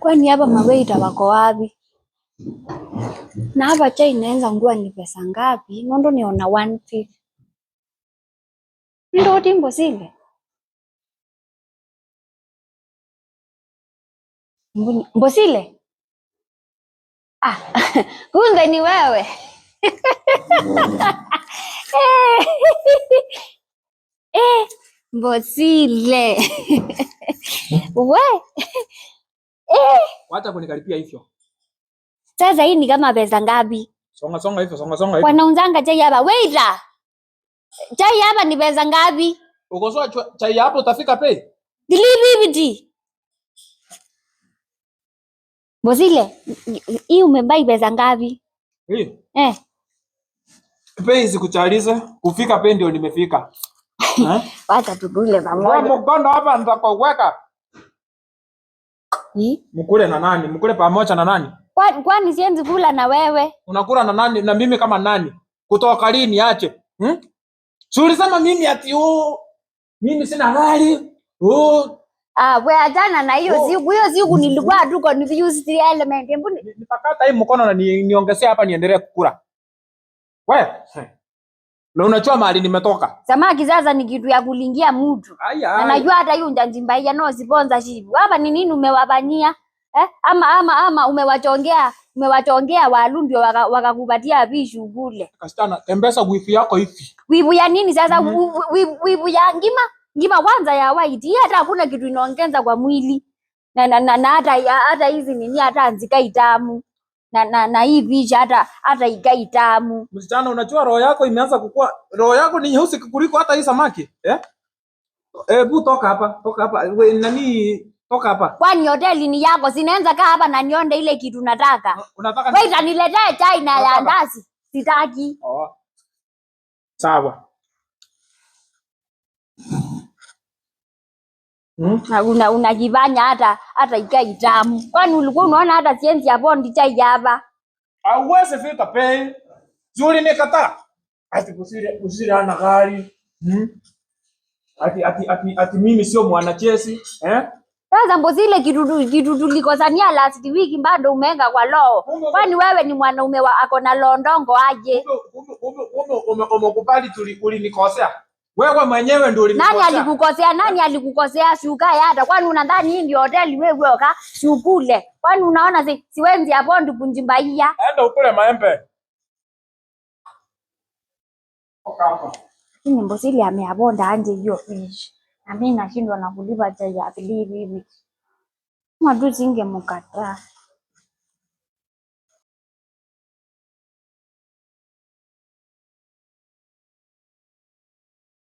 Kwani hapa mawaiter wako wapi? Na hapa chai inaenza ngua ni pesa ngapi? Nondo niona Ndo timbo zile. Mbosile? Ah, ni wewe. Eh, eh mbosile. We. Eh. Wacha kunikaripia hivyo. Sasa hii ni kama pesa ngapi? Songa songa hivyo, songa songa hivyo. Wanauzanga chai hapa. Waiter. Chai hapa ni pesa ngapi? Ukosoa chai hapo utafika pei. Delivery. Bozile, hii umebai pesa ngapi? Hii. Eh. Pei sikuchaliza, kufika pei ndio nimefika. Eh? Wacha tugule pamoja. Mkono hapa nitakuweka wapi? Mkule na nani? Mkule pamoja na nani? Kwani kwani sienzi kula na wewe? Unakula na nani na mimi kama nani? Kutoka lini ache? Hmm? Sulisema mimi ati oh, mimi sina hali. Oh. Ah, wewe ajana na hiyo zigu hiyo zigu nilikuwa duko ni the element. nipakata hii mkono na niongezea hapa niendelee kukula. Wewe? Na unajua mahali nimetoka. Samaki sasa ni kitu ya kulingia mtu. Na najua hata hiyo njanji mbaya no sponsorship. Hapa ni nini umewabanyia? Eh? Ama ama ama umewachongea, umewachongea Walundi wakakupatia vishu kule. Kastana, tembesa wifu yako hivi. Wifu ya nini sasa? Mm -hmm. Wivu ya ngima? Ngima kwanza ya white. Hii hata hakuna kitu inaongeza kwa mwili. Na na na, hata hata hizi nini hata nzika itamu na, na, na hii vija hata hata igai tamu. Msichana, unajua roho yako imeanza kukua, roho yako ni nyeusi kuliko hata hii samaki eh? Ebu eh, toka hapa, toka hapa we, nani toka hapa, kwani hoteli ni yako? Sinaanza kaa hapa na nionde ile kitu nataka. Unataka wewe, itaniletea chai na ya ndazi? Sitaki. Oh, sawa Hmm? Unajivanya hata hata ikai tamu, kwani ulikuwa unaona hata sienzi ya bondi chai hapa auwezi fika pe. zuri kata. ati kusiri kusiri ana gari hmm? ati, ati, ati, ati mimi sio mwana chesi eh? Sasa kidudu kidudu liko tulikosania last week bado umeenga kwa loo. Kwani wewe ni mwanaume ako na londongo aje? Umekubali ulinikosea wewe mwenyewe ndio ulimkosea. Nani alikukosea? Nani alikukosea? Shuka hata kwani unadhani hii ndio hoteli wewe uoka? Shukule. Kwani unaona si siwenzi hapo ndio kunjimbaia. Enda ukule maembe. Ni ile ameabonda anje hiyo fish. Na mimi nashindwa na kulipa chai ya bilibi hivi. Mwa singe